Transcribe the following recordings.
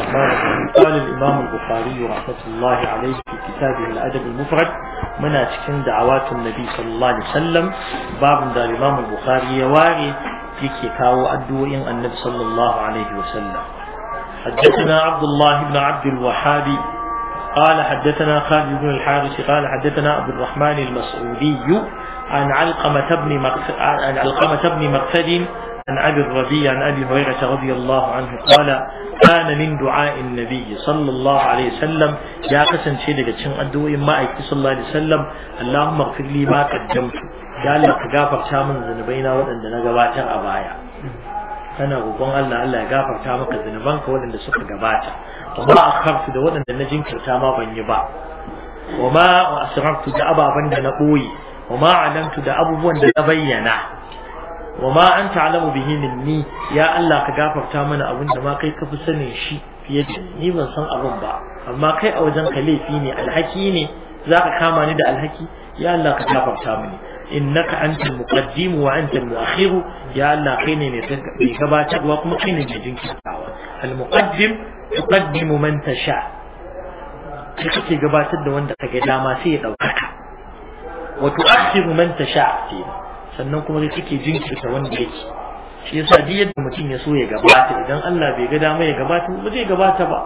الرحمن الرحيم قال الإمام البخاري رحمة الله عليه في كتابه الأدب المفرد من أتكن دعوات النبي صلى الله عليه وسلم باب دا الإمام البخاري يواري في كتاب أدوين النبي صلى الله عليه وسلم حدثنا عبد الله بن عبد الوهاب قال حدثنا خالد بن الحارث قال حدثنا عبد الرحمن المسعودي عن علقمة بن مقفد عن علقمة بن مغفد عن أبي الربيع عن أبي هريرة رضي الله عنه قال كان من دعاء النبي صلى الله عليه وسلم يا قسم شيء شن أدو إما أيك صلى الله عليه وسلم اللهم اغفر لي ما قدمت شامن وأن أبايا kana roƙon Allah Allah ya gafarta maka zunubanka waɗanda suka gabata wa ma akhartu da waɗanda na jinkirta ma ban yi ba wa ma asrartu da ababan da na ɓoye wa da abubuwan da na bayyana wa ma an ta'lamu bihi minni ya Allah ka gafarta mana abin da ma kai ka fi sanin shi fiye da ni ban san abin ba amma kai a wajen ka laifi ne alhaki ne zaka kama ni da alhaki ya Allah ka gafarta mini innaka antal muqaddim wa antal muakhir ya Allah kai ne mai gabatarwa kuma kai ne mai jinkirtawa al muqaddim tuqaddimu man tasha kai kake gabatar da wanda kage dama sai ya dauka wa tu'akhiru man tasha kenan sannan kuma sai take jinkirta wanda yake shi yasa duk yadda mutum ya so ya gabata idan Allah bai ga dama ya gabata ba zai gabata ba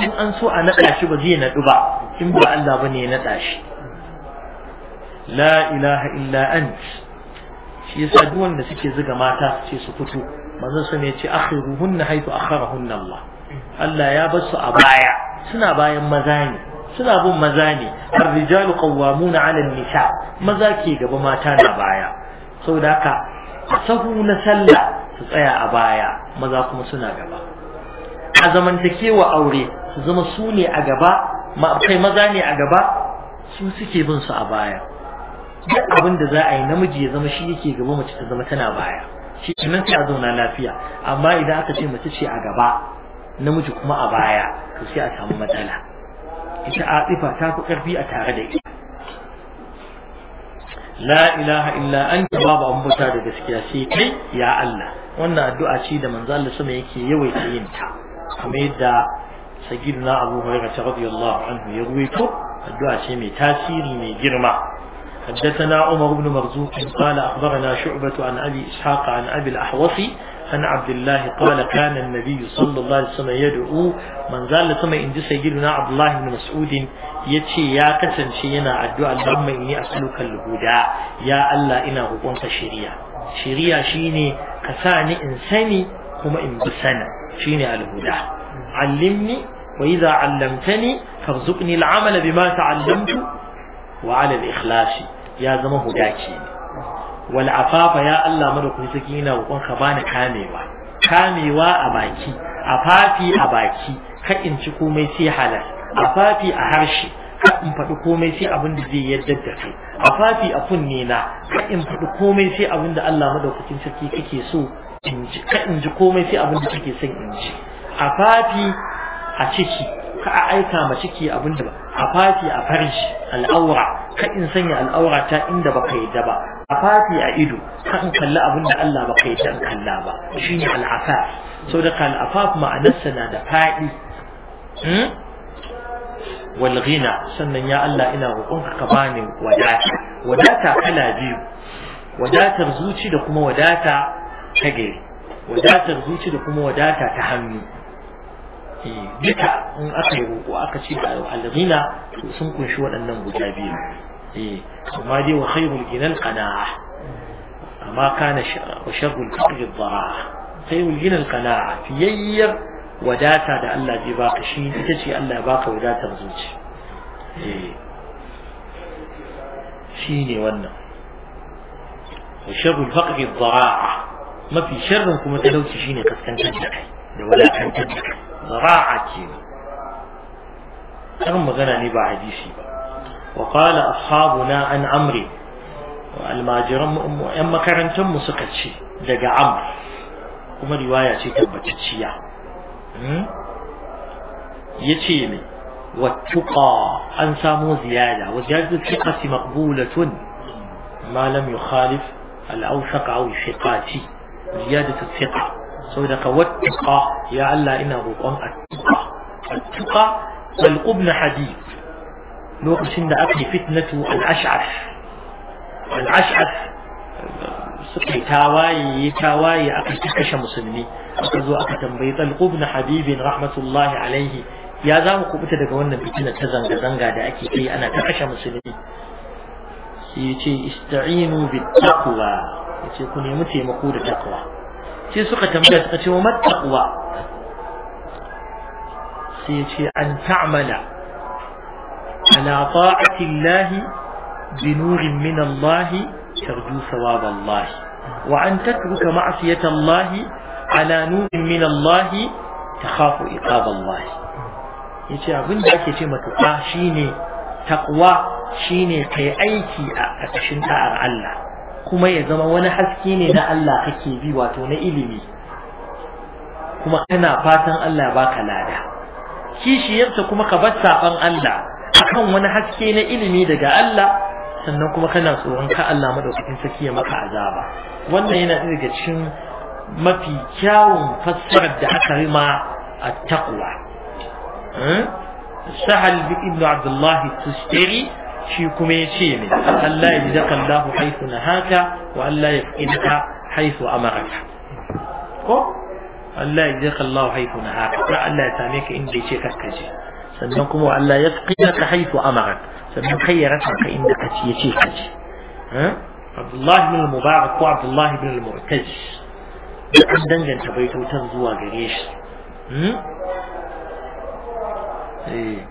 in an so a naɗa shi ba zai naɗu ba in ba Allah bane ya naɗa shi la ilaha illa ant shi yasa duk wanda suke zuga mata ce su fito manzon sa ne ce akhiruhunna haythu akharahunna Allah Allah ya bar su a baya suna bayan maza ne suna bin maza ne ar-rijalu qawwamuna 'ala an-nisa maza ke gaba mata na baya saboda haka sahu na sallah su tsaya a baya maza kuma suna gaba a zamantakewa aure su zama su ne a gaba kai maza ne a gaba su suke bin su a baya duk abin da za a yi namiji ya zama shi yake gaba mace ta zama tana baya shi kenan ta zauna lafiya amma idan aka ce mace ce a gaba namiji kuma a baya to sai a samu matsala ita a tsifa ta fi karfi a tare da ita la ilaha illa anta babu an bauta da gaskiya sai kai ya Allah wannan addu'a ce da manzo Allah sama yake yawaita yin ta kamar yadda sayyidina Abu Hurairah radiyallahu anhu ya ruwaito addu'a ce mai tasiri mai girma حدثنا عمر بن مرزوق قال أخبرنا شعبة عن abi إسحاق عن أبي الأحوصي عن عبد الله قال كان النبي صلى الله عليه وسلم يدعو من زال سما إن سيدنا عبد الله بن مسعود يتي يا كسن شينا أدعو اللهم إني أسألك الهدى يا الله إنا غبونك شريعة شريعة شيني كساني إنساني كما إن بسنة شيني الهدى علمني وإذا علمتني فارزقني العمل بما تعلمت وعلى الإخلاص يا زمه هداكيني wal afafa ya Allah mana kun saki ina roƙon ka bani kamewa kamewa a baki afafi a baki ka in ci komai sai halal afafi a harshe ka in faɗi komai sai abin da zai yadda da kai afafi a kunne na ka in faɗi komai sai abin da Allah madaukakin saki kake so in ji ka in ji komai sai abin da kake son in ji afafi a ciki ka a aika ma ciki abin da ba afafi a farji al'aura ka in sanya al'aura ta inda baka yadda ba al'afafi a ido kan kalli abin da Allah ba kai dan kalla ba shine al'afaf so da kan afaf ma'anarsa na da fadi hmm? wal ghina sannan ya Allah ina roƙonka ka bani wadata wadata kala biyu wadatar zuci da kuma wadata ta gari wadatar zuci da kuma wadata ta hannu duka in aka yi roƙo aka ci da al to sun kunshi waɗannan guda biyu إيه. وما دي وخير الجن القناعة ما كان وشر الفقر الضراعة خير الجن القناعة في يير وداتا دا الله دي باقي شيء تجي ألا باقي وداتا بزوج إيه. شيني ونا وشر الفقر الضراعة ما في شر انكم تلوتي شيني قد كان تنجح ولا كان تنجح ضراعة كيما أنا ما غنى نبع حديثي بقى وقال أصحابنا عن عمري والماجر أما كانت أم سكتشي لقى عمر وما رواية تبتتشي يتيني والتقى أن سامو زيادة وزيادة الثقة مقبولة ما لم يخالف الأوثق أو ثقاتي زيادة الثقة سويدك والتقى يا الله إنه قم التقى التقى والقبن حديث lokacin da aka yi fitnatu al-ash'af al-ash'af suka yi tawaye yi tawaye aka kashe musulmi aka zo aka tambayi talqub na habibin rahmatullahi alaihi ya za mu kubuta daga wannan fitina ta zanga-zanga da ake yi ana ta kashe musulmi sai ya ce ista'inu bi taqwa ya ce ku nemi taimako da taqwa sai suka tambaya suka ce wa mat taqwa sai ya ce an ta'mala على طاعة الله بنور من الله ترجو ثواب الله وأن تترك معصية الله على نور من الله تخاف إقاب الله yace abin da ake ce matuƙa shine takwa shine kai aiki a ƙarƙashin da'ar Allah kuma ya zama wani haske ne na Allah kake bi wato na ilimi kuma kana fatan Allah baka lada Kishiyarsa kuma ka bar saban Allah Kan wani haske na ilimi daga Allah sannan kuma kana tsoron ka Allah madaukakin saki ya maka azaba wannan yana daga cikin mafi kyawun fassarar da aka yi ma at-taqwa hmm? sahal bi ibn abdullah tustari shi kuma ya yace min Allah ya jidaka Allah haythu haka, wa Allah ya fidaka haythu amaraka ko Allah ya jidaka Allah haka, nahaka Allah ya same ka inda yace karkace. سنكم الله يتقيك حيث أمرك سنكم خيرك فإنك تيتيك ها عبد الله بن المبارك وعبد الله بن المعتز لكن دنجن تبيتو تنزوى قريش إيه.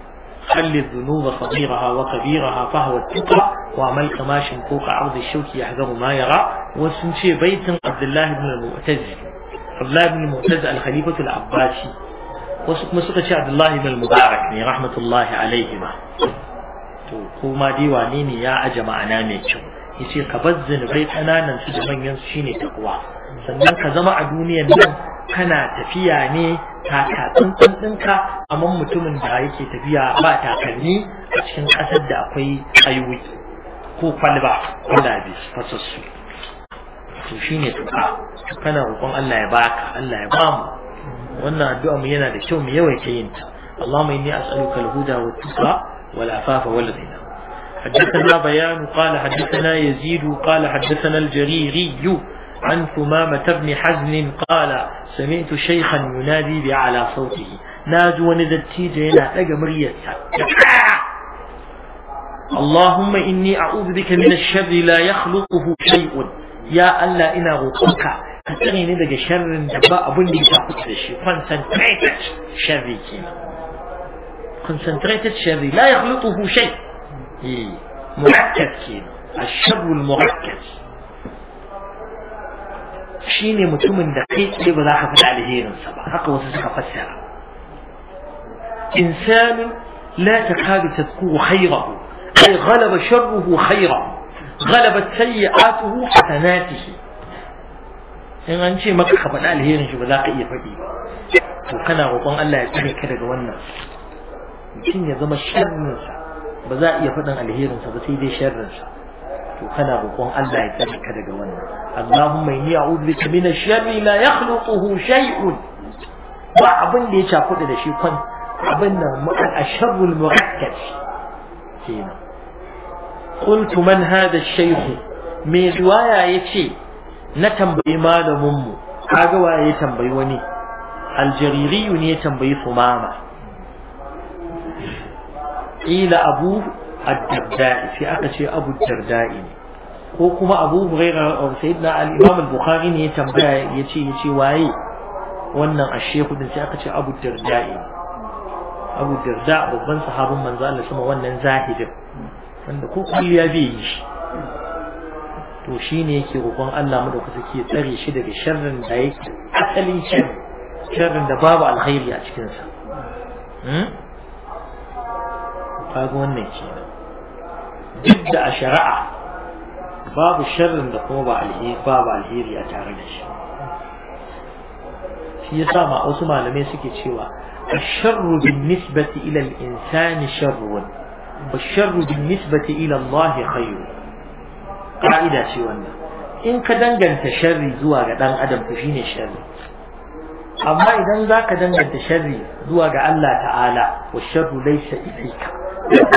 خل الذنوب صغيرها وكبيرها فهو التقى وعمل قماش شنقوق عرض الشوك يحذر ما يرى وسنشي بيت عبد الله بن المعتز عبد الله بن المعتز الخليفة العباسي wasu kuma suka ce abdullahi bin mubarak ne rahmatullahi alaihi ma to kuma dai wane ne ya aje ma'ana mai kyau yace ka bar zinubai kananan su da manyan su shine takwa sannan ka zama a duniyar nan kana tafiya ne taka tsantsan ɗinka amma mutumin da yake tafiya ba takalmi a cikin ƙasar da akwai ayoyi ko kwalba kwalabe fasassu to shine tuka kana roƙon Allah ya baka Allah ya bamu wannan addu'a mu yana da kyau mu yawaita yin ta اللهم إني أسألك الهدى والتقى والعفاف والغنى حدثنا بيان قال حدثنا يزيد قال حدثنا الجريري عن ثمامة بن حزن قال سمعت شيخا ينادي بأعلى صوته ناجو ونذتيج إلى أجمرية اللهم إني أعوذ بك من الشر لا يخلقه شيء يا ألا إنا غقوك أعطني نبقى شر دباء أبون تأخذ شيء كونسنتريت شر لا يخلطه شيء إيه. مركب كين الشر المركز شيني متوم دقيق لي إيه بلا حفظ عليه نصبا حق وسسك فسر إنسان لا تكاد تذكر خيره أي غلب شره خيره غلبت سيئاته حسناته in an ce maka ka faɗi alherin shi ba za ka iya faɗi ba? to kana roƙon Allah ya tsare ka daga wannan mutum ya zama sharrinsa ba za a iya faɗin alherinsa ba sai dai sharrinsa to kana roƙon Allah ya tsare ka daga wannan Allahumma inni a'udhu bika min ash-sharri la yakhluquhu shay'un ba abin da ya cakuɗa da shi kwan abin nan al-sharrul murakkab kenan قلت من هذا الشيخ mai riwaya ya ce na tambayi malaminmu kaga waye tambayi wani aljaririyu ne ya tambayi sumama ila abu ad-darda'i sai aka ce abu ad ne ko kuma abu huraira sayyidina al-imam al-bukhari ne ya tambaya yace yace waye wannan ashehu din sai aka ce abu darda'i abu darda babban sahabin manzo Allah sama wannan zahidin wanda ko kulliya bai yi shi to ne yake roƙon Allah mu da kusa ke tsare shi daga sharrin da yake asalin sharri sharrin da babu alkhairi a cikinsa. sa hmm? kaga wannan kenan duk da a shari'a babu sharrin da kuma ba alheri babu alheri a tare da shi shi yasa ma wasu malamai suke cewa الشر بالنسبة إلى الإنسان sharru والشر بالنسبة إلى الله خير ka'ida ce wannan in ka danganta sharri zuwa ga dan adam to shine sharri amma idan za ka danganta sharri zuwa ga Allah ta'ala wa sharru laysa ilayka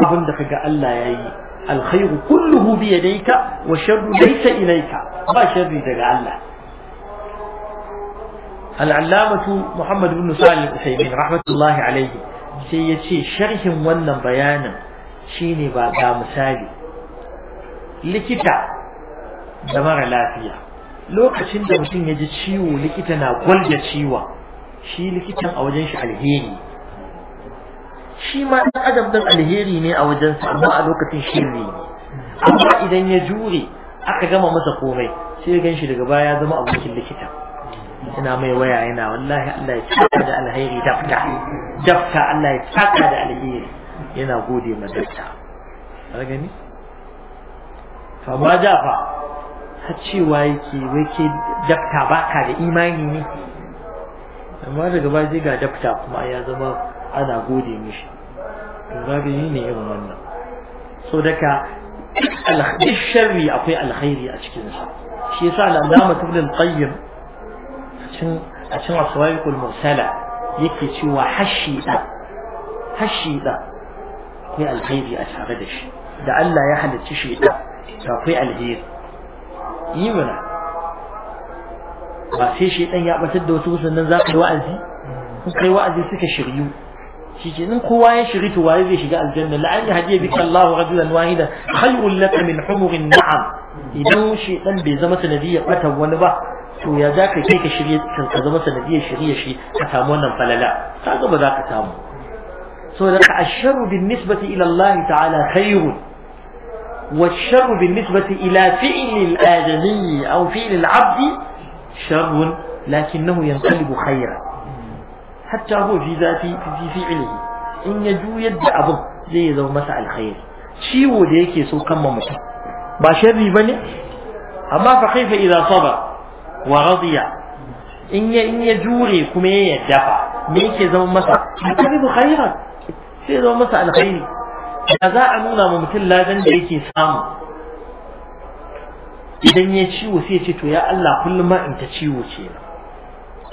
abin da kaga Allah yayi alkhairu kulluhu bi yadayka wa sharru laysa ilayka ba sharri daga Allah Al'alamatu Muhammad ibn Salih Usaimin rahmatullahi alaihi sai ya ce sharhin wannan bayanin shine ba misali likita da mara lafiya lokacin da mutum ya ji ciwo likita na gwalda ciwa shi likitan a wajen shi alheri shi ma ɗan adam alheri ne a wajensa amma a lokacin shirri ne amma idan ya jure aka gama masa komai sai gan shi daga baya zama abokin likita ina mai waya yana wallahi Allah ya tsaka da alheri dafta dafta Allah ya tsaka da alheri yana gode ma dafta ka gani amma da fa har cewa yake wai ke dafta ka da imani ne amma daga ba zai ga dafta kuma ya zama ana gode mishi to ga yi ne irin wannan so daga duk sharri akwai alkhairi a cikin shi shi yasa al'adama tubulin qayyim a cin aswaikul mursala yake cewa hashida da ne da akwai alkhairi a tare da shi da Allah ya halicci shi da to akwai alheri yi mana ba sai shaitan ya batar da wasu sannan za ka yi wa'azi in kai wa'azi suka shiryu shi ke nan kowa ya shiri to waye zai shiga aljanna la'an ya hadiya bika Allahu rajulan wahida khayrun laka min humurin na'am idan shaitan bai zama sanadiyar batan wani ba to ya za ka kai ka shirye ka zama sanadiyar shirye shi ka samu wannan falala ka ga ba za ka samu saboda ka asharu bin nisbati ila Allah ta'ala khayrun والشر بالنسبة إلى فعل الآدمي أو فعل العبد شر لكنه ينقلب خيرا حتى هو في ذاته في فعله إن يجو يد أبو زي ذو مسع الخير شي وليك يسو كم ممتع با شر بني أما فخيف إذا صبر ورضي إن إن يجوري كما دفع ميك ذو مسع ينقلب خيرا زي ذو مسع الخير da za a nuna ma mutum ladan da yake samu idan ya ciwo sai ce to ya Allah kullum ma in ta ciwo ce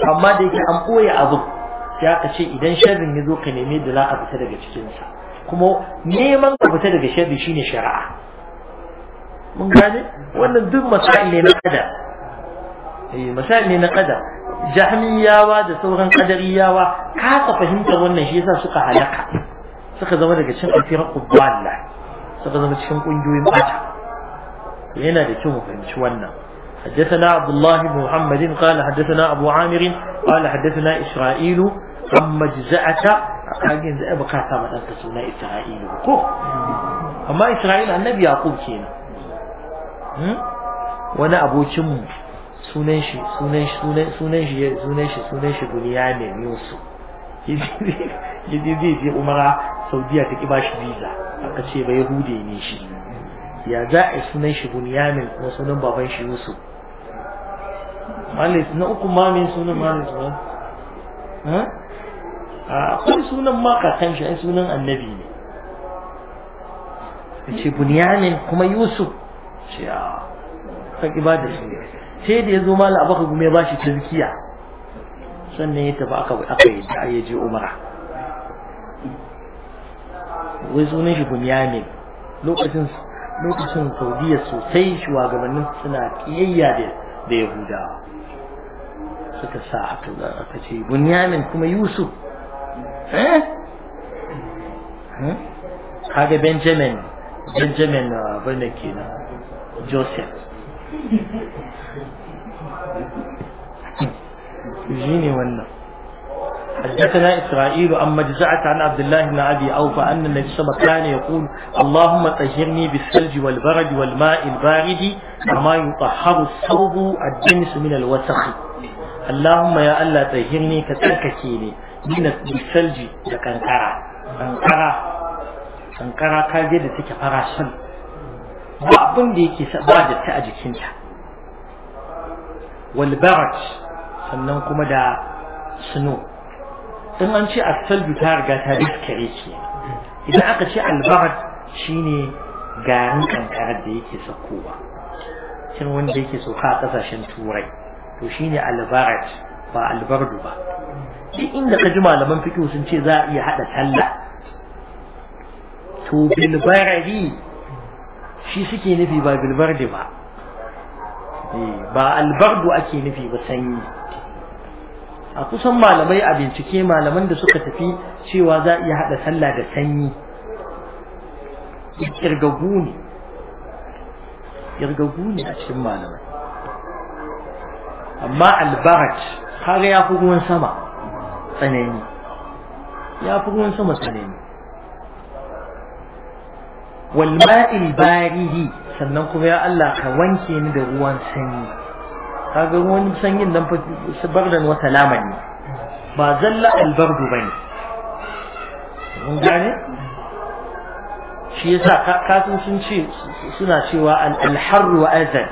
amma da yake an ɓoye abu sai aka ce idan sharrin ya zo ka neme da za a fita daga cikinsa kuma neman ka fita daga sharri shine shari'a mun gane wannan duk masail ne na kada eh masail ne na kada jahmiyawa da sauran qadariyawa kasa fahimtar wannan shi yasa suka halaka suka zama daga cikin alfirar kuballa suka zama cikin kungiyoyin bata yana da kyau mu fahimci wannan حدثنا عبد الله بن محمد قال حدثنا أبو عامر قال حدثنا إسرائيل عن مجزعة أجن أبقى ثابت أن تسمى إسرائيل بقوة أما إسرائيل النبي يعقوب كينا وأنا أبو جم سننشي سننشي سننشي سننشي سننشي بنيامين يوسف يدي دي دي أمرا saudiya ta ki bashi visa aka ce bai hude ne shi ya za a sunan shi bunyamin kuma sunan baban shi yusuf malis na uku ma min sunan malis ba kai sunan ma kakan shi ai sunan annabi ne ce bunyamin kuma yusuf ce a kan ibada su ne sai da ya zo mala abaka gume ba shi tazkiya sannan ya tafi aka yi da ya je umara wai sunan shi bunyamin lokacin lokacin saudiya sosai shugabannin suna kiyayya da yahudawa suka sa aka aka ce bunyamin kuma yusuf eh kaga benjamin benjamin abin da kenan joseph shi ne wannan حدثنا إسرائيل عن مجزعة عن عبد الله بن أبي أوفى أن النبي صلى الله عليه وسلم كان يقول اللهم طهرني بالثلج والبرد والماء البارد كما يطهر الثوب الجنس من الوسخ اللهم يا الله طهرني كتركتيني من الثلج كنكرة كنكرة كنكرة كاجد تكفراشن ba abin da yake ba da ta a jikinta walbarat sannan kuma da snow in an ce asalbu ta riga ta daskare ke idan aka ce albarat shine garin kankarar da yake sakowa shin wanda yake sauka a kasashen turai to shine albarat ba albardu ba duk inda ka ji malaman fiqh sun ce za a iya hada talla to bilbarari shi suke nufi ba bilbardi ba eh, ba albardu ake nufi ba sanyi a kusan malamai a bincike malaman da suka tafi cewa za a iya haɗa sallah da sanyi Ƙirgagu ne Ƙirgagu ne a cikin malamai amma albarat kaga ya fi ruwan sama tsanani ya fi ruwan sama tsanani walma'il barihi sannan kuma ya Allah ka wanke ni da ruwan sanyi kaga wani sanyin nan fa bardan wa salama ne ba zalla albardu bane mun gane shi yasa ka sun sun ce suna cewa al-har wa azan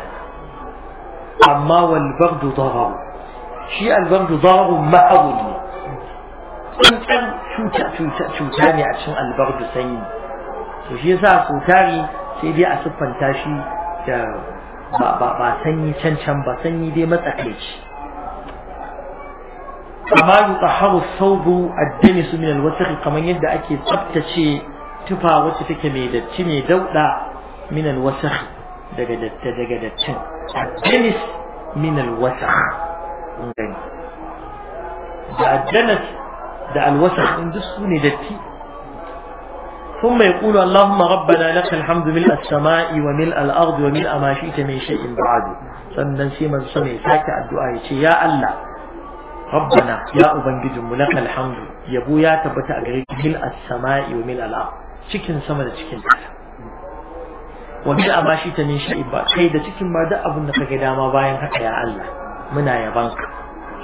amma wal bardu darar shi al-bardu darar ma'awul ne tsantsan cuta cuta cuta ne a cikin al-bardu sanyi to shi yasa sautari sai dai a siffanta shi da ba ba ba sanyi can can ba sanyi dai matsakaici kama yutahharu thawbu ad-danis min al-wasakh kaman yadda ake tsaftace tufa wacce take mai datti mai dauda min al-wasakh daga datti daga dattin ad-danis min al-wasakh da ad-danis da al-wasakh din duk su ne datti ثم يقول اللهم ربنا لك الحمد ملء السماء وملء الأرض وملء ما شئت من شيء بعد sannan sai man sama ya sake addu'a ya ce ya Allah rabbana ya mu lakal hamdu. yabo ya tabbata a gare ki mil as-sama'i wa mil al cikin sama da cikin ƙasa wa mil amashi ta min shay'in ba kai da cikin ma duk abin da kage dama bayan haka ya Allah muna yabanka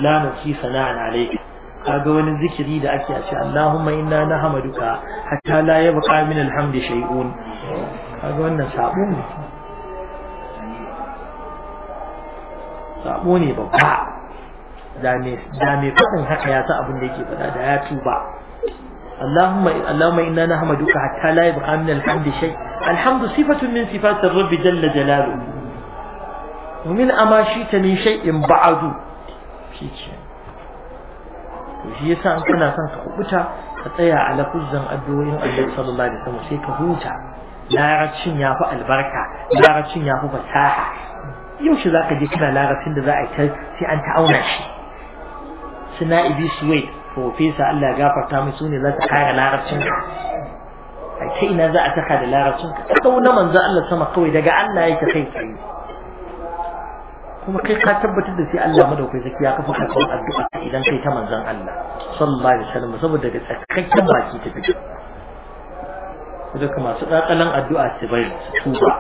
la nusi sana'an alayka kaga wani zikiri da ake a ce Allahumma inna nahmaduka hatta la yabqa min alhamdi shay'un kaga wannan sabo ne sabo ne babba da me da me fadin haka ya sa abin da yake fada da ya tuba Allahumma Allahumma inna nahmaduka hatta la yabqa min alhamdi shay alhamdu sifatu min sifati rabbi jalla jalaluhu ومن أما شئت من شيء بعد شيء to shi yasa an kana son ka kubuta ka tsaya a lafuzan addu'o'in Allah sallallahu alaihi wasallam sai ka huta larabcin ya fi albarka larabcin ya fi fasaha yau shi za ka je kana larabcin da za a ta sai an ta'auna shi suna ibi suwai profesa Allah gafarta mai sune za ta kare larabcin ka a ina za a saka da larabcin ka ta na manzo Allah sama kawai daga Allah yake kai kai kuma kai ka tabbatar da sai Allah madaukai zaki ya kafa kafa addu'a idan kai ta manzon Allah sallallahu alaihi wasallam saboda daga tsakakken baki ta fito duka masu kakalan addu'a su bai su tuba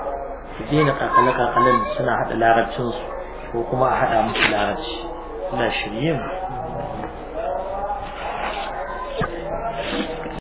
su daina kakale kakalan suna hada larabcin su ko kuma a hada musu larabci ina shirye mu